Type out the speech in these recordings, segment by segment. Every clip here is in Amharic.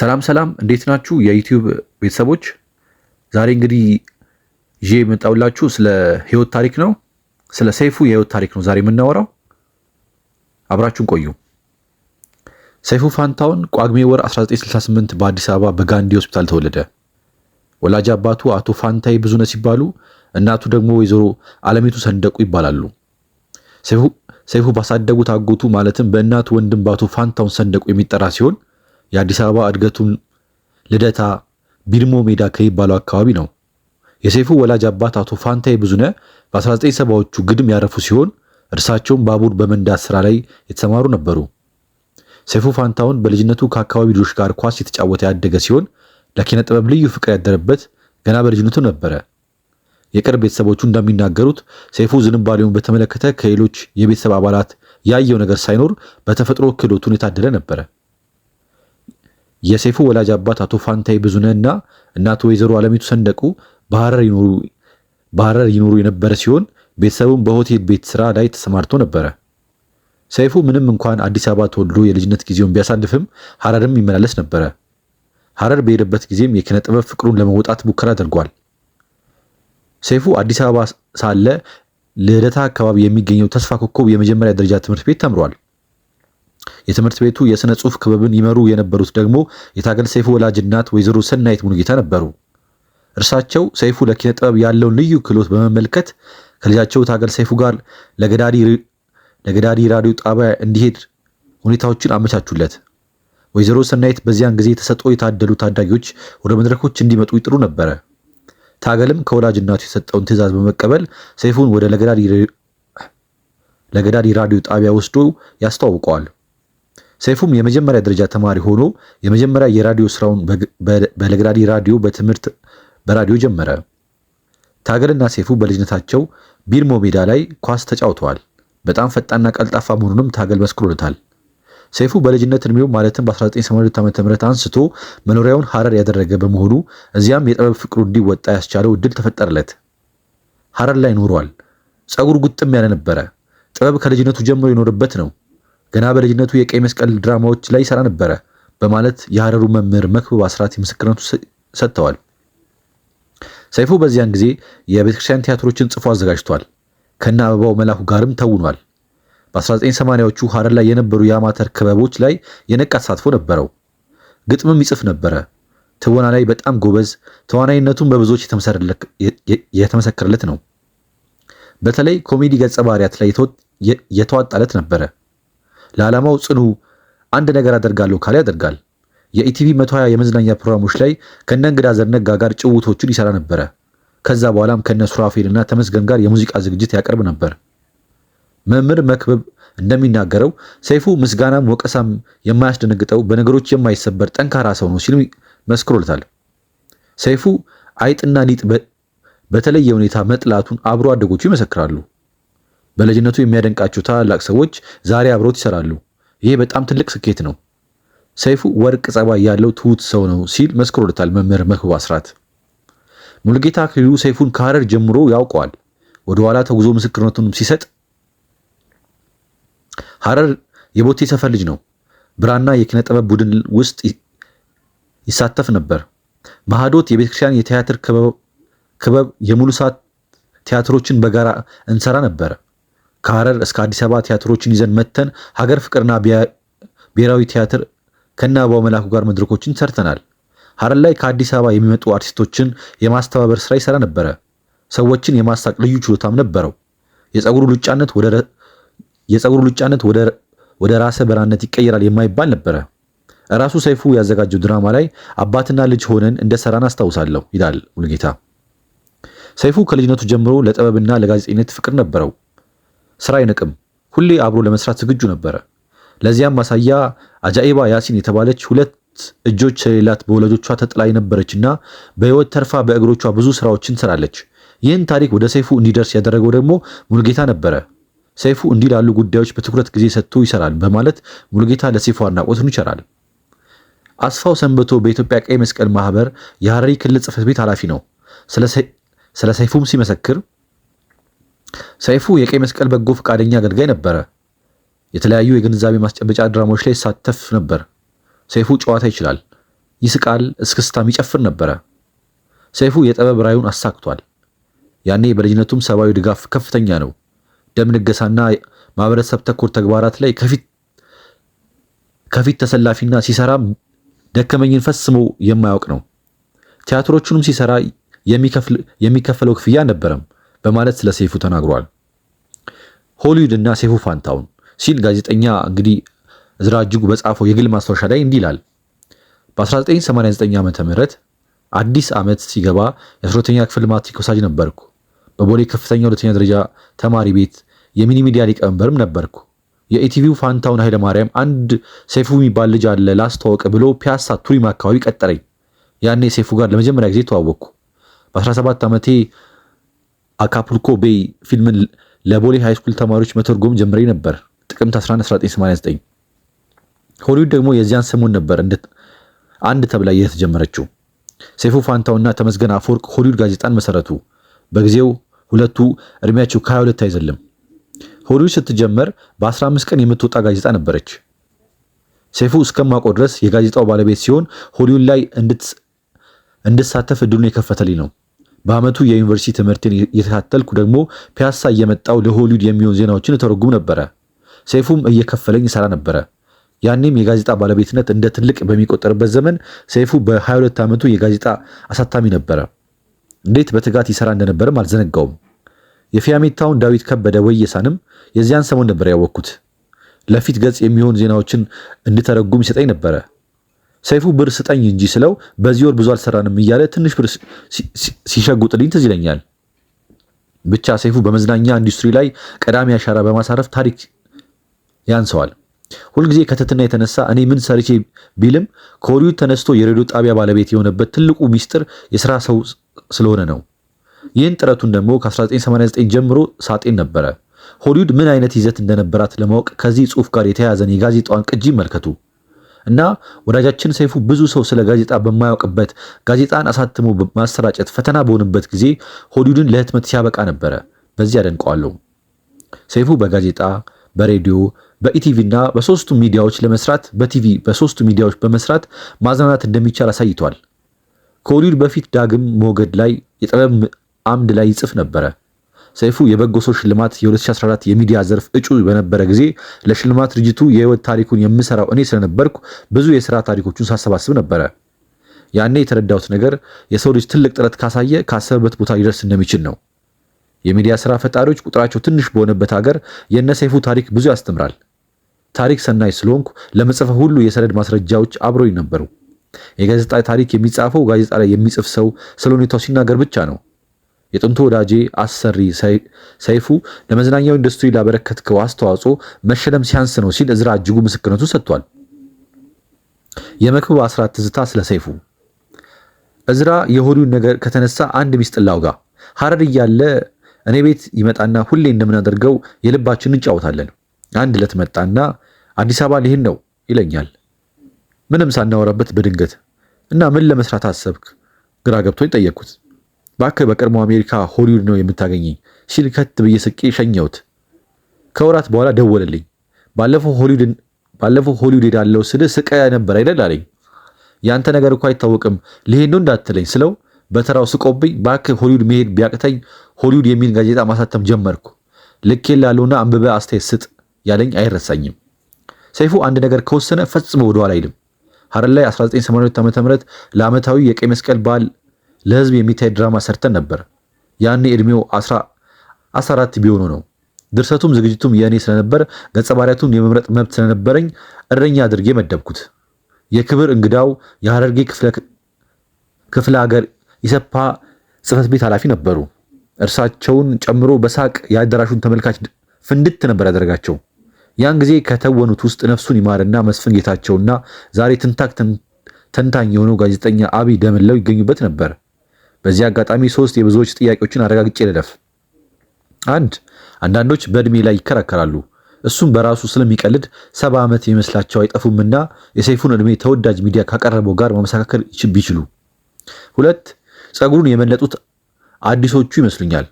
ሰላም ሰላም፣ እንዴት ናችሁ የዩቲዩብ ቤተሰቦች? ዛሬ እንግዲህ ይዤ የመጣሁላችሁ ስለ ህይወት ታሪክ ነው። ስለ ሰይፉ የህይወት ታሪክ ነው ዛሬ የምናወራው። አብራችሁን ቆዩ። ሰይፉ ፋንታውን ቋግሜ ወር 1968 በአዲስ አበባ በጋንዲ ሆስፒታል ተወለደ። ወላጅ አባቱ አቶ ፋንታይ ብዙነ ሲባሉ እናቱ ደግሞ ወይዘሮ አለሚቱ ሰንደቁ ይባላሉ። ሰይፉ ባሳደጉት አጎቱ ማለትም በእናቱ ወንድም በአቶ ፋንታውን ሰንደቁ የሚጠራ ሲሆን የአዲስ አበባ እድገቱም ልደታ ቢድሞ ሜዳ ከሚባለው አካባቢ ነው። የሰይፉ ወላጅ አባት አቶ ፋንታይ ብዙነ በ1970ዎቹ ግድም ያረፉ ሲሆን እርሳቸውም ባቡር በመንዳት ስራ ላይ የተሰማሩ ነበሩ። ሰይፉ ፋንታውን በልጅነቱ ከአካባቢ ልጆች ጋር ኳስ የተጫወተ ያደገ ሲሆን ለኪነ ጥበብ ልዩ ፍቅር ያደረበት ገና በልጅነቱ ነበረ። የቅርብ ቤተሰቦቹ እንደሚናገሩት ሰይፉ ዝንባሌውን በተመለከተ ከሌሎች የቤተሰብ አባላት ያየው ነገር ሳይኖር በተፈጥሮ ክህሎቱን የታደለ ነበረ። የሴፉ ወላጅ አባት አቶ ፋንታይ እና እናቱ ወይዘሮ አለሚቱ ሰንደቁ በሐረር ይኖሩ የነበረ ሲሆን ቤተሰቡም በሆቴል ቤት ስራ ላይ ተሰማርቶ ነበረ። ሰይፉ ምንም እንኳን አዲስ አበባ ተወልዶ የልጅነት ጊዜውን ቢያሳልፍም ሐረርም ይመላለስ ነበረ። ሐረር በሄደበት ጊዜም የኪነ ጥበብ ፍቅሩን ለመውጣት ሙከራ አድርጓል። ሰይፉ አዲስ አበባ ሳለ ልደታ አካባቢ የሚገኘው ተስፋ ኮከብ የመጀመሪያ ደረጃ ትምህርት ቤት ተምሯል። የትምህርት ቤቱ የሥነ ጽሑፍ ክበብን ይመሩ የነበሩት ደግሞ የታገል ሰይፉ ወላጅ እናት ወይዘሮ ሰናይት ሙሉጌታ ነበሩ። እርሳቸው ሰይፉ ለኪነ ጥበብ ያለውን ልዩ ክህሎት በመመልከት ከልጃቸው ታገል ሰይፉ ጋር ለገዳዲ ራዲዮ ጣቢያ እንዲሄድ ሁኔታዎችን አመቻቹለት። ወይዘሮ ሰናይት በዚያን ጊዜ ተሰጥኦ የታደሉ ታዳጊዎች ወደ መድረኮች እንዲመጡ ይጥሩ ነበረ። ታገልም ከወላጅናቱ የሰጠውን ትዕዛዝ በመቀበል ሰይፉን ወደ ለገዳዲ ራዲዮ ጣቢያ ወስዶ ያስተዋውቀዋል። ሰይፉም የመጀመሪያ ደረጃ ተማሪ ሆኖ የመጀመሪያ የራዲዮ ስራውን በለግራዲ ራዲዮ በትምህርት በራዲዮ ጀመረ። ታገልና ሰይፉ በልጅነታቸው ቢርሞ ሜዳ ላይ ኳስ ተጫውተዋል። በጣም ፈጣንና ቀልጣፋ መሆኑንም ታገል መስክሮለታል። ሰይፉ በልጅነት እድሜው ማለትም በ1982 ዓ ም አንስቶ መኖሪያውን ሐረር ያደረገ በመሆኑ እዚያም የጥበብ ፍቅሩ እንዲወጣ ያስቻለው እድል ተፈጠረለት። ሐረር ላይ ኖሯል። ጸጉር ጉጥም ያለ ነበረ። ጥበብ ከልጅነቱ ጀምሮ የኖርበት ነው። ገና በልጅነቱ የቀይ መስቀል ድራማዎች ላይ ይሰራ ነበረ በማለት የሐረሩ መምህር መክብብ አስራት የምስክርነቱ ሰጥተዋል። ሰይፉ በዚያን ጊዜ የቤተክርስቲያን ቲያትሮችን ጽፎ አዘጋጅቷል። ከነ አበባው መላኩ ጋርም ተውኗል። በ1980ዎቹ ሐረር ላይ የነበሩ የአማተር ክበቦች ላይ የነቃ ተሳትፎ ነበረው። ግጥምም ይጽፍ ነበረ። ትወና ላይ በጣም ጎበዝ፣ ተዋናይነቱን በብዙዎች የተመሰከረለት ነው። በተለይ ኮሜዲ ገጸ ባህሪያት ላይ የተዋጣለት ነበረ። ለዓላማው ጽኑ አንድ ነገር አደርጋለሁ ካለ ያደርጋል። የኢቲቪ 120 የመዝናኛ ፕሮግራሞች ላይ ከነ እንግዳ ዘነጋ ጋር ጭውቶቹን ይሰራ ነበረ። ከዛ በኋላም ከነ ሱራፌልና ተመስገን ጋር የሙዚቃ ዝግጅት ያቀርብ ነበር። መምህር መክብብ እንደሚናገረው ሰይፉ ምስጋናም ወቀሳም የማያስደነግጠው በነገሮች የማይሰበር ጠንካራ ሰው ነው ሲልም መስክሮለታል። ሰይፉ አይጥና ሊጥ በተለየ ሁኔታ መጥላቱን አብሮ አደጎቹ ይመሰክራሉ። በልጅነቱ የሚያደንቃቸው ታላላቅ ሰዎች ዛሬ አብረውት ይሰራሉ። ይሄ በጣም ትልቅ ስኬት ነው። ሰይፉ ወርቅ ጸባይ ያለው ትሁት ሰው ነው ሲል መስክሮለታል መምህር መክቡ አስራት። ሙሉጌታ አክሊሉ ሰይፉን ከሐረር ጀምሮ ያውቀዋል። ወደኋላ ተጉዞ ምስክርነቱንም ሲሰጥ ሐረር የቦቴ ሰፈር ልጅ ነው። ብራና የኪነ ጥበብ ቡድን ውስጥ ይሳተፍ ነበር። ማህዶት የቤተክርስቲያን የቲያትር ክበብ የሙሉ ሰዓት ቲያትሮችን በጋራ እንሰራ ነበር። ከሀረር እስከ አዲስ አበባ ቲያትሮችን ይዘን መተን ሀገር ፍቅርና ብሔራዊ ቲያትር ከነ አበባው መላኩ ጋር መድረኮችን ሰርተናል። ሀረር ላይ ከአዲስ አበባ የሚመጡ አርቲስቶችን የማስተባበር ስራ ይሰራ ነበረ። ሰዎችን የማሳቅ ልዩ ችሎታም ነበረው። የፀጉሩ ሉጫነት ወደ ራሰ በራነት ይቀየራል የማይባል ነበረ። ራሱ ሰይፉ ያዘጋጀው ድራማ ላይ አባትና ልጅ ሆነን እንደሰራን አስታውሳለሁ ይላል ሙሉጌታ። ሰይፉ ከልጅነቱ ጀምሮ ለጥበብና ለጋዜጠኝነት ፍቅር ነበረው። ስራ አይንቅም። ሁሌ አብሮ ለመስራት ዝግጁ ነበረ። ለዚያም ማሳያ አጃኢባ ያሲን የተባለች ሁለት እጆች ሌላት በወላጆቿ ተጥላ የነበረችና በህይወት ተርፋ በእግሮቿ ብዙ ስራዎችን ትሰራለች። ይህን ታሪክ ወደ ሰይፉ እንዲደርስ ያደረገው ደግሞ ሙልጌታ ነበረ። ሰይፉ እንዲህ ላሉ ጉዳዮች በትኩረት ጊዜ ሰጥቶ ይሰራል በማለት ሙልጌታ ለሰይፉ አድናቆትን ይቸራል። አስፋው ሰንበቶ በኢትዮጵያ ቀይ መስቀል ማህበር የሐረሪ ክልል ጽህፈት ቤት ኃላፊ ነው። ስለ ሰይፉም ሲመሰክር ሰይፉ የቀይ መስቀል በጎ ፈቃደኛ አገልጋይ ነበረ። የተለያዩ የግንዛቤ ማስጨበጫ ድራማዎች ላይ ይሳተፍ ነበር። ሰይፉ ጨዋታ ይችላል፣ ይስቃል፣ እስክስታም ይጨፍር ነበረ። ሰይፉ የጥበብ ራዩን አሳክቷል። ያኔ በልጅነቱም ሰብአዊ ድጋፍ ከፍተኛ ነው። ደም ንገሳና ማህበረሰብ ተኮር ተግባራት ላይ ከፊት ተሰላፊና ሲሰራም ደከመኝን ፈጽሞ የማያውቅ ነው። ቲያትሮቹንም ሲሰራ የሚከፍለው ክፍያ አልነበረም። በማለት ስለ ሰይፉ ተናግሯል። ሆሊውድ እና ሰይፉ ፋንታውን ሲል ጋዜጠኛ እንግዲህ እዝራ እጅጉ በጻፈው የግል ማስታወሻ ላይ እንዲህ ይላል። በ1989 ዓ ም አዲስ ዓመት ሲገባ የአስሮተኛ ክፍል ማትሪክ ወሳጅ ነበርኩ። በቦሌ ከፍተኛ ሁለተኛ ደረጃ ተማሪ ቤት የሚኒ ሚዲያ ሊቀመንበርም ነበርኩ። የኢቲቪው ፋንታውን ኃይለማርያም አንድ ሰይፉ የሚባል ልጅ አለ ላስተዋወቅ ብሎ ፒያሳ ቱሪም አካባቢ ቀጠረኝ። ያኔ ሰይፉ ጋር ለመጀመሪያ ጊዜ ተዋወቅኩ። በ17 ዓመቴ አካፑልኮ ቤይ ፊልምን ለቦሌ ሃይስኩል ተማሪዎች መተርጎም ጀምሬ ነበር ጥቅምት 1989። ሆሊውድ ደግሞ የዚያን ሰሞን ነበር አንድ ተብላ የተጀመረችው። ሰይፉ ፋንታውና ተመስገን አፈወርቅ ሆሊውድ ጋዜጣን መሰረቱ። በጊዜው ሁለቱ እድሜያቸው ከ22 አይዘልም። ሆሊውድ ስትጀመር በ15 ቀን የምትወጣ ጋዜጣ ነበረች። ሰይፉ እስከማውቀው ድረስ የጋዜጣው ባለቤት ሲሆን ሆሊውድ ላይ እንድትሳተፍ እድሉን የከፈተልኝ ነው። በአመቱ የዩኒቨርሲቲ ትምህርትን እየተካተልኩ ደግሞ ፒያሳ እየመጣው ለሆሊውድ የሚሆን ዜናዎችን እተረጉም ነበረ። ሰይፉም እየከፈለኝ ይሰራ ነበረ። ያኔም የጋዜጣ ባለቤትነት እንደ ትልቅ በሚቆጠርበት ዘመን ሰይፉ በ22 ዓመቱ የጋዜጣ አሳታሚ ነበረ። እንዴት በትጋት ይሰራ እንደነበርም አልዘነጋውም። የፊያሜታውን ዳዊት ከበደ ወየሳንም የዚያን ሰሞን ነበር ያወቅኩት። ለፊት ገጽ የሚሆን ዜናዎችን እንድተረጉም ይሰጠኝ ነበረ። ሰይፉ ብር ስጠኝ እንጂ ስለው በዚህ ወር ብዙ አልሰራንም እያለ ትንሽ ብር ሲሸጉጥልኝ ትዝ ይለኛል። ብቻ ሰይፉ በመዝናኛ ኢንዱስትሪ ላይ ቀዳሚ አሻራ በማሳረፍ ታሪክ ያንሰዋል። ሁልጊዜ ከትትና የተነሳ እኔ ምን ሰርቼ ቢልም ከወዲሁ ተነስቶ የሬዲዮ ጣቢያ ባለቤት የሆነበት ትልቁ ሚስጥር የስራ ሰው ስለሆነ ነው። ይህን ጥረቱን ደግሞ ከ1989 ጀምሮ ሳጤን ነበረ። ሆሊውድ ምን አይነት ይዘት እንደነበራት ለማወቅ ከዚህ ጽሑፍ ጋር የተያያዘን የጋዜጣዋን ቅጂ ይመልከቱ። እና ወዳጃችን ሰይፉ ብዙ ሰው ስለ ጋዜጣ በማያውቅበት ጋዜጣን አሳትሞ ማሰራጨት ፈተና በሆንበት ጊዜ ሆሊውድን ለህትመት ሲያበቃ ነበረ። በዚህ አደንቀዋለሁ። ሰይፉ በጋዜጣ በሬዲዮ በኢቲቪ እና በሶስቱ ሚዲያዎች ለመስራት በቲቪ በሶስቱ ሚዲያዎች በመስራት ማዝናናት እንደሚቻል አሳይቷል። ከሆሊውድ በፊት ዳግም ሞገድ ላይ የጥበብ አምድ ላይ ይጽፍ ነበረ። ሰይፉ የበጎ ሰው ሽልማት የ2014 የሚዲያ ዘርፍ እጩ በነበረ ጊዜ ለሽልማት ድርጅቱ የህይወት ታሪኩን የምሰራው እኔ ስለነበርኩ ብዙ የስራ ታሪኮቹን ሳሰባስብ ነበረ። ያኔ የተረዳሁት ነገር የሰው ልጅ ትልቅ ጥረት ካሳየ ካሰበበት ቦታ ሊደርስ እንደሚችል ነው። የሚዲያ ስራ ፈጣሪዎች ቁጥራቸው ትንሽ በሆነበት ሀገር የእነ ሰይፉ ታሪክ ብዙ ያስተምራል። ታሪክ ሰናይ ስለሆንኩ ለመጽፈ ሁሉ የሰነድ ማስረጃዎች አብሮኝ ነበሩ። የጋዜጣ ታሪክ የሚጻፈው ጋዜጣ ላይ የሚጽፍ ሰው ስለ ሁኔታው ሲናገር ብቻ ነው። የጥንቱ ወዳጄ አሰሪ ሰይፉ ለመዝናኛው ኢንዱስትሪ ላበረከትከው አስተዋጽኦ መሸለም ሲያንስ ነው ሲል እዝራ እጅጉ ምስክርነቱ ሰጥቷል። የመክብብ አስራት ትዝታ ስለ ሰይፉ እዝራ የሆዱን ነገር ከተነሳ አንድ ሚስጥላው ጋር ሐረር እያለ እኔ ቤት ይመጣና ሁሌ እንደምናደርገው የልባችን እንጫወታለን። አንድ ዕለት መጣና አዲስ አበባ ሊሄድ ነው ይለኛል፣ ምንም ሳናወራበት በድንገት እና ምን ለመስራት አሰብክ? ግራ ገብቶኝ ጠየቅኩት። ባከ በቀድሞ አሜሪካ ሆሊውድ ነው የምታገኘኝ ሲል ከት ብዬ ስቄ ሸኘሁት። ከወራት በኋላ ደወለልኝ። ባለፈው ሆሊውድ ሄዳለው ስል ስቀ ነበር አይደል አለኝ። ያንተ ነገር እኮ አይታወቅም ልሄድ ነው እንዳትለኝ ስለው በተራው ስቆብኝ ባክ ሆሊውድ መሄድ ቢያቅተኝ ሆሊውድ የሚል ጋዜጣ ማሳተም ጀመርኩ። ልኬ ላለውና አንብበ አስተያየት ስጥ ያለኝ አይረሳኝም። ሰይፉ አንድ ነገር ከወሰነ ፈጽሞ ወደኋላ አይልም። ሐረር ላይ 1982 ዓ ም ለዓመታዊ የቀይ መስቀል በዓል ለህዝብ የሚታይ ድራማ ሰርተን ነበር። ያኔ እድሜው 14 ቢሆኑ ነው። ድርሰቱም ዝግጅቱም የእኔ ስለነበር ገጸ የመምረጥ መብት ስለነበረኝ እረኛ አድርጌ መደብኩት። የክብር እንግዳው የሐረርጌ ክፍለ ሀገር ኢሰፓ ጽህፈት ቤት ኃላፊ ነበሩ። እርሳቸውን ጨምሮ በሳቅ የአዳራሹን ተመልካች ፍንድት ነበር ያደረጋቸው። ያን ጊዜ ከተወኑት ውስጥ ነፍሱን ይማርና መስፍን ጌታቸውና ዛሬ ትንታክ ተንታኝ የሆነው ጋዜጠኛ አብይ ደምለው ይገኙበት ነበር። በዚህ አጋጣሚ ሶስት የብዙዎች ጥያቄዎችን አረጋግጬ ልለፍ። አንድ አንዳንዶች በእድሜ ላይ ይከራከራሉ። እሱም በራሱ ስለሚቀልድ ሰባ ዓመት የሚመስላቸው አይጠፉምና የሰይፉን እድሜ ተወዳጅ ሚዲያ ካቀረበው ጋር ማመሳከል ቢችሉ። ሁለት ፀጉሩን የመለጡት አዲሶቹ ይመስሉኛል።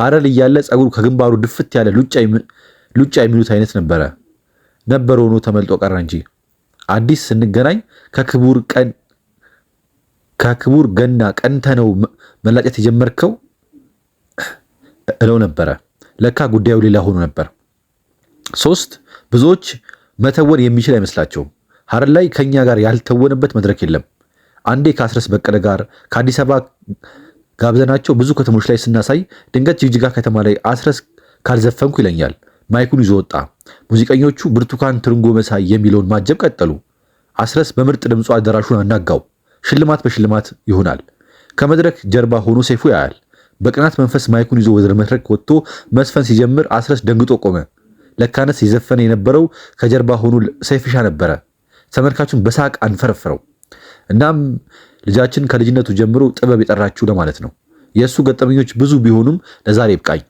ሀረር እያለ ጸጉሩ ከግንባሩ ድፍት ያለ ሉጫ የሚሉት አይነት ነበረ ነበረ ሆኖ ተመልጦ ቀረ እንጂ አዲስ ስንገናኝ ከክቡር ቀን ከክቡር ገና ቀንተ ነው መላጨት የጀመርከው እለው ነበረ። ለካ ጉዳዩ ሌላ ሆኖ ነበር። ሶስት ብዙዎች መተወን የሚችል አይመስላቸውም። ሐረር ላይ ከኛ ጋር ያልተወነበት መድረክ የለም። አንዴ ከአስረስ በቀለ ጋር ከአዲስ አበባ ጋብዘናቸው ብዙ ከተሞች ላይ ስናሳይ ድንገት ጅግጅጋ ከተማ ላይ አስረስ ካልዘፈንኩ ይለኛል። ማይኩን ይዞ ወጣ። ሙዚቀኞቹ ብርቱካን ትርንጎ መሳይ የሚለውን ማጀብ ቀጠሉ። አስረስ በምርጥ ድምፁ አዳራሹን አናጋው። ሽልማት በሽልማት ይሆናል። ከመድረክ ጀርባ ሆኖ ሰይፉ ያያል። በቅናት መንፈስ ማይኩን ይዞ ወደ መድረክ ወጥቶ መስፈን ሲጀምር አስረስ ደንግጦ ቆመ። ለካነስ የዘፈነ የነበረው ከጀርባ ሆኖ ሰይፍሻ ነበረ። ተመልካቹን በሳቅ አንፈረፈረው። እናም ልጃችን ከልጅነቱ ጀምሮ ጥበብ የጠራችው ለማለት ነው። የእሱ ገጠመኞች ብዙ ቢሆኑም ለዛሬ ይብቃኝ።